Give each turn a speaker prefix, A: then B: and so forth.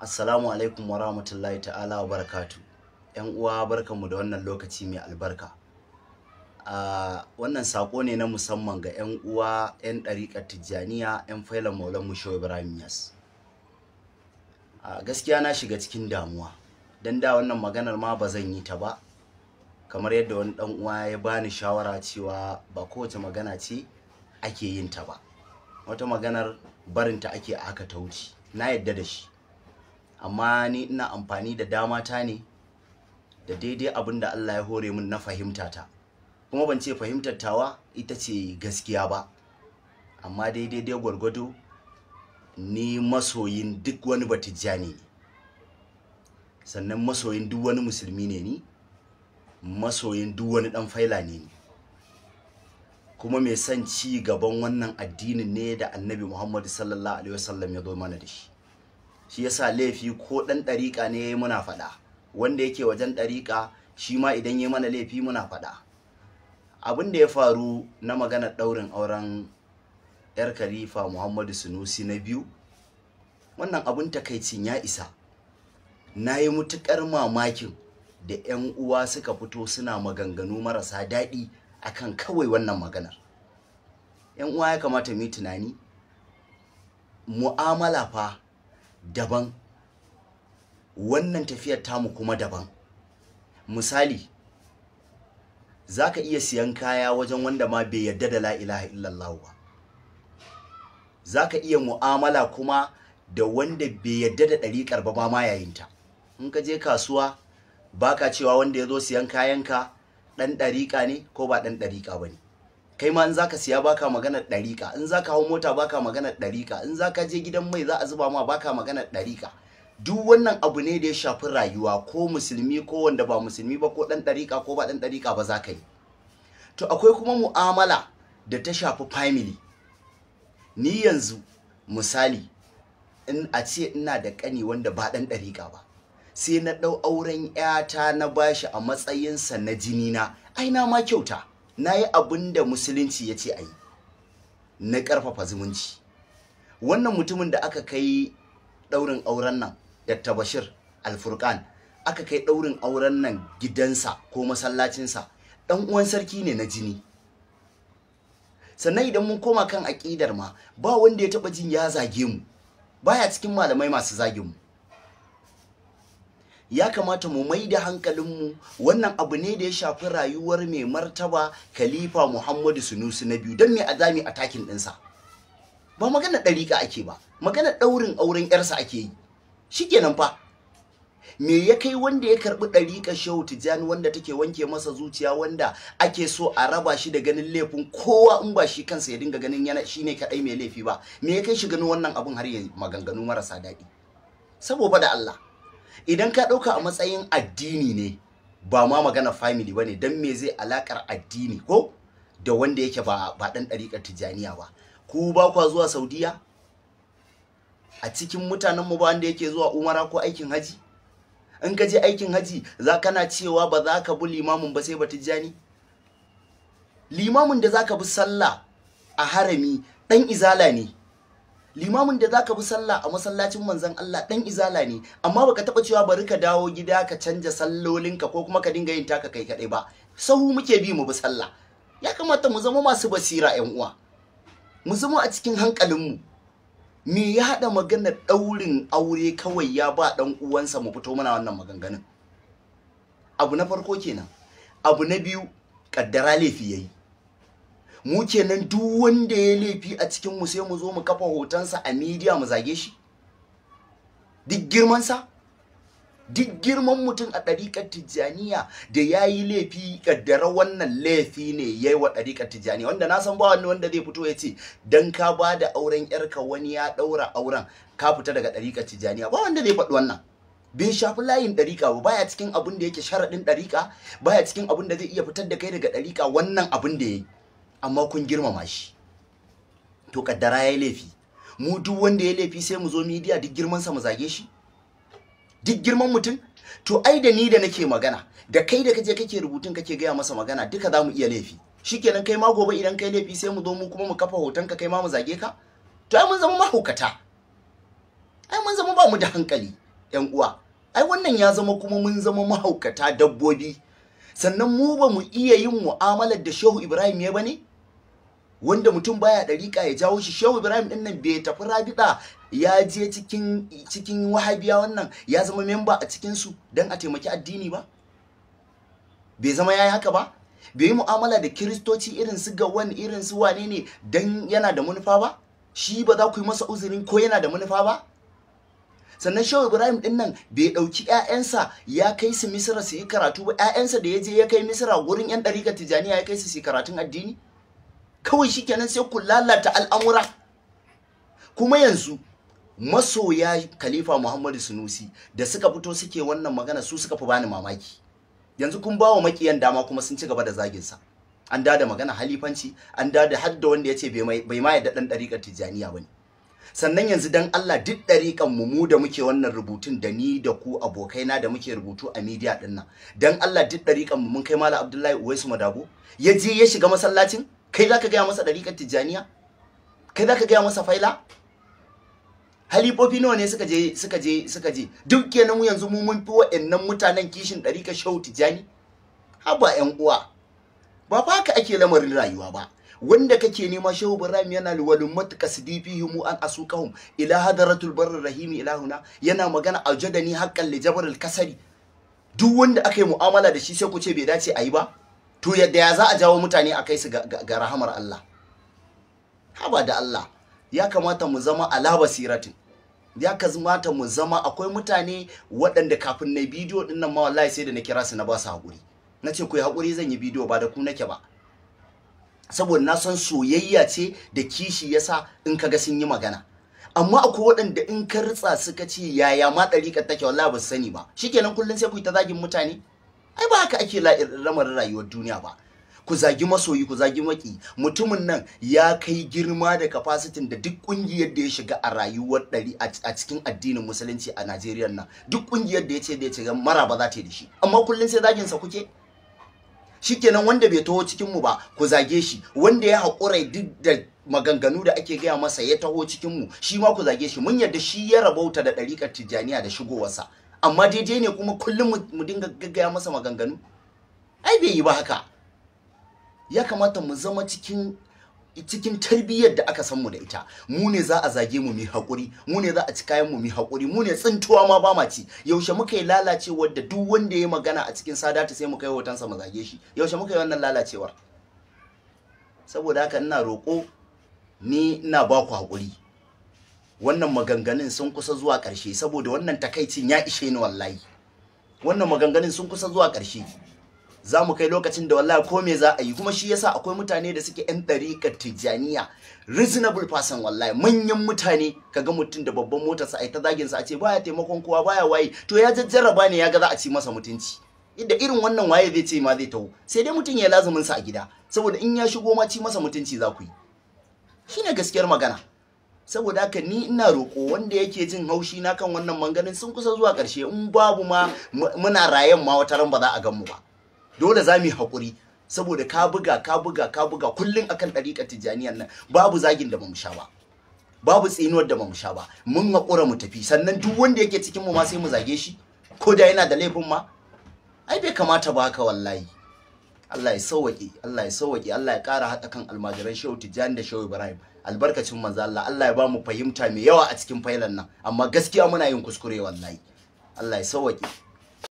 A: Assalamu alaikum wa rahmatullahi ta'ala wa barakatu. ‘Yan uwa mu da wannan lokaci mai albarka. Uh, wannan sako ne na musamman ga ‘yan uwa, ‘yan ɗariƙar Tijjaniya, ‘yan failan Maulan Musho Ibrahim Yas. gaskiya na shiga cikin damuwa, don da wannan maganar ma ba zan yi ta ba. Kamar yadda wani ɗan uwa ya bani shawara cewa ba kowace magana ce ake yin ta ba. Wata maganar barinta ake aka ta wuce. Na yadda da shi. amma ni ina amfani da dama ta ne da daidai abin da Allah ya hore min na fahimta ta kuma ban ce fahimtar tawa ita ce gaskiya ba amma daidai dai gwargwado ni masoyin duk wani batijjani sannan masoyin duk wani musulmi ne ni masoyin duk wani dan faila ne ni kuma mai son ci gaban wannan addinin ne da annabi muhammadu sallallahu alaihi wasallam ya zo mana da shi shi yasa laifi ko ɗan ɗariƙa ne yayi muna faɗa wanda yake wajen ɗariƙa shi ma idan ya mana laifi muna faɗa abin da ya faru na maganar ɗaurin auren yar kalifa muhammadu sunusi na biyu wannan abin takaicin ya isa na yi matuƙar mamakin da 'yan uwa suka fito suna maganganu marasa daɗi akan kawai wannan maganar 'yan uwa ya kamata mu yi tunani mu'amala fa daban wannan tafiyar tamu kuma daban misali za ka iya siyan kaya wajen wanda ma bai yarda da la ilaha illallah ba za ka iya mu'amala kuma da wanda bai yarda da ɗariƙar ba ma yayinta in ka je kasuwa baka cewa wanda ya zo siyan ka ɗan ɗariƙa ne ko ba ɗan ɗariƙa ba ne kai ma in zaka siya baka magana ɗarika in zaka hau mota baka magana ɗarika in zaka je gidan mai za a zuba ma baka magana ɗarika duk wannan abu ne da ya shafi rayuwa ko musulmi ko wanda ba musulmi ba ko ɗan ɗarika ko ba ɗan ɗarika ba za ka yi to akwai kuma mu'amala da ta shafi family ni yanzu misali in a ce ina da ƙani wanda ba ɗan ɗarika ba sai na ɗau auren 'yata na bashi a matsayinsa na jini na ai ma kyauta na yi abin da musulunci ya ce a yi na ƙarfafa zumunci wannan mutumin da aka kai ɗaurin auren nan da bashir alfurkan aka kai ɗaurin auren nan gidansa ko masallacinsa ɗan uwan sarki ne na jini sannan idan mun koma kan aƙidar ma ba wanda ya taɓa jin ya zage mu baya cikin malamai masu zage mu ya kamata mu mai da hankalinmu wannan abu ne da ya shafi rayuwar mai martaba khalifa muhammadu sunusi na biyu don me a zami a takin ɗinsa ba magana ɗariƙa ake ba magana ɗaurin auren ƴarsa ake yi Shi kenan fa me ya kai wanda ya karɓi ɗariƙa shehu tijjani wanda take wanke masa zuciya wanda ake so a raba shi da ganin laifin kowa in ba shi kansa ya dinga ganin yana ne kaɗai mai laifi ba me ya kai shi ganin wannan abun har ya maganganu marasa daɗi saboda da Allah idan ka ɗauka a matsayin addini ne ba ma magana family ba ne don me zai alakar addini ko da wanda yake ba ba ɗan ɗariƙar tijjaniya ba ku ba kwa zuwa saudiya a cikin mutanen mu ba wanda yake zuwa umara ko aikin haji in ka je aikin haji za kana cewa ba za ka bi limamin ba sai ba tijjani limamin da za ka bi sallah a harami ɗan izala ne limamin da zaka bi sallah a masallacin manzon Allah dan izala ne amma baka taba cewa bari ka dawo gida ka canja sallolinka ko kuma ka dinga yin taka kai kadai ba sahu muke bi mu bi sallah ya kamata mu zama masu basira yan uwa mu zama a cikin hankalin mu, me ya hada maganar daurin aure kawai ya ba dan uwansa mu fito mana wannan maganganun abu na farko kenan abu na biyu kaddara laifi yayi mu kenan duk wanda ya laifi a cikin mu sai mu zo mu kafa hotonsa a media mu zage shi duk girmansa duk girman mutum a ɗariƙar tijjaniya da ya yi laifi ƙaddara wannan laifi ne ya yi wa ɗariƙar tijjaniya wanda na san ba wani wanda zai fito ya ce don ka ba da auren yarka wani ya ɗaura auren ka fita daga ɗariƙar tijjaniya ba wanda zai faɗi wannan bai shafi layin ɗariƙa ba baya cikin abin da yake sharaɗin ɗariƙa baya cikin abin da zai iya fitar da kai daga ɗariƙa wannan abin da ya yi amma kun girmama shi to kaddara yayi laifi mu duk wanda ya laifi sai mu zo media duk girman sa mu zage shi duk girman mutum to ai da ni da nake magana da kai da kaje kake rubutun kake gaya masa magana duka za mu iya laifi shikenan kai ma gobe idan kai laifi sai mu zo mu kuma mu kafa hoton ka kai ma mu zage ka to ai mun zama mahaukata ai mun zama ba mu da hankali yan uwa ai wannan ya zama kuma mun zama mahaukata dabbobi sannan mu ba mu iya yin mu'amalar da Shehu Ibrahim ya bane wanda mutum baya dariƙa ya jawo shi shehu ibrahim din nan bai tafi rabida ya je cikin cikin wahabiya wannan ya zama memba a cikinsu dan a taimaki addini ba bai zama ya haka ba bai yi mu'amala da kiristoci irin su wani irin su wane ne dan yana da manufa ba shi ba za ku yi masa uzurin ko yana da manufa ba sannan shehu ibrahim din nan bai ɗauki 'ya'yansa ya kai su misira su yi karatu ba 'ya'yansa da ya je ya kai misira gurin 'yan ɗarika tijaniya ya kai su su karatun addini kawai shikenan sai ku lalata al'amura kuma yanzu masoya khalifa muhammadu sunusi da suka fito suke wannan magana su suka fi bani mamaki yanzu kun ba wa makiyan dama kuma sun ci gaba da zagin sa an da magana halifanci an da hadda wanda ya ce bai ma yadda dan ɗariƙar tijjaniya ba ne sannan yanzu dan Allah duk ɗariƙan mu da muke wannan rubutun da ni da ku abokaina da muke rubutu a media ɗin nan dan Allah duk ɗariƙan mu mun kai Malam Abdullahi Uwaisu Madabo ya je ya shiga masallacin kai zaka gaya masa ɗariƙar tijjaniya kai zaka gaya masa faila halifofi nawa ne suka je suka je suka je duk kenan mu yanzu mu mun fi wa'annan mutanen kishin ɗariƙar shau tijjani ba ƴan uwa ba fa haka ake lamarin rayuwa ba wanda kake nema shehu ibrahim yana liwalummatu kasdifihim an asukahum ila hadaratul barr rahimi ilahuna yana magana a haqqan li jabril kasari duk wanda aka yi mu'amala da shi sai ku ce bai dace a yi ba to yadda ya za a jawo mutane a kai su ga rahamar Allah haba da Allah ya kamata mu zama ala basiratin ya kamata mu zama akwai mutane waɗanda kafin na bidiyo ɗin nan ma wallahi sai da na kira su na ba su haƙuri na ce ku yi haƙuri zan yi bidiyo ba da ku nake ba saboda na san soyayya ce da kishi yasa in ka sun yi magana amma akwai waɗanda in ka ritsa suka ce yaya ma ɗariƙar take wallahi ba su sani ba shikenan kullum sai ku yi ta zagin mutane ai ba haka ake lamarin rayuwar duniya ba ku zagi masoyi ku zagi maki mutumin nan ya kai girma da kafasitin da duk kungiyar da ya shiga a rayuwar ɗari a cikin addinin musulunci a Najeriya nan duk kungiyar da ya ce da ya ce mara ba za ta yi da shi amma kullum sai zagin sa kuke shikenan wanda bai taho cikin mu ba ku zage shi wanda ya haƙura duk da maganganu da ake gaya masa ya taho cikin mu shi ma ku zage shi mun yarda shi ya rabauta da ɗariƙar tijjaniya da shigowarsa amma daidai ne kuma kullum mu dinga gaggaya masa maganganu ai bai yi ba haka ya kamata mu zama cikin cikin tarbiyyar da aka san mu da ita mu ne za a zage mu mu hakuri mu ne za a ci kayan mu mu hakuri mu ne tsintuwa ma ba ma ci yaushe muka yi lalacewar da duk wanda ya magana a cikin sadata sai muka yi hotonsa mu zage shi yaushe muka yi wannan lalacewar saboda haka ina roko ni ina ba ku haƙuri wannan maganganun sun kusa zuwa ƙarshe saboda wannan takaicin ya ishe ni wallahi wannan maganganun sun kusa zuwa ƙarshe za mu kai lokacin da wallahi ko me za a yi kuma shi yasa akwai mutane da suke yan ɗariƙa tijjaniya reasonable person wallahi manyan mutane ga mutum da babban motarsa a ta zagin sa a ce baya taimakon kowa baya waye to ya jajjaraba ne ya ga za a ci masa mutunci inda irin wannan waye zai ce ma zai taho sai dai mutum ya lazumin sa a gida saboda in ya shigo ma ci masa mutunci za ku yi shine gaskiyar magana saboda haka ni ina roko wanda yake jin haushi na kan wannan manganin sun kusa zuwa ƙarshe in babu ma muna rayan ma wata ran ba za a gan mu ba dole za mu yi haƙuri saboda ka buga ka buga ka buga kullun akan ɗariƙar tijjaniyan nan babu zagin da bamu sha ba babu tsinuwar da bamu sha ba mun haƙura mu tafi sannan duk wanda yake cikin mu ma sai mu zage shi ko da yana da laifin ma ai bai kamata ba haka wallahi Allah ya sauwaƙe Allah ya sauwaƙe Allah ya ƙara haɗa kan almajiran Shehu Tijjani da Shehu Ibrahim albarkacin manzo Allah Allah ya bamu fahimta mai yawa a cikin failan nan amma gaskiya muna yin kuskure wallahi Allah ya sauwake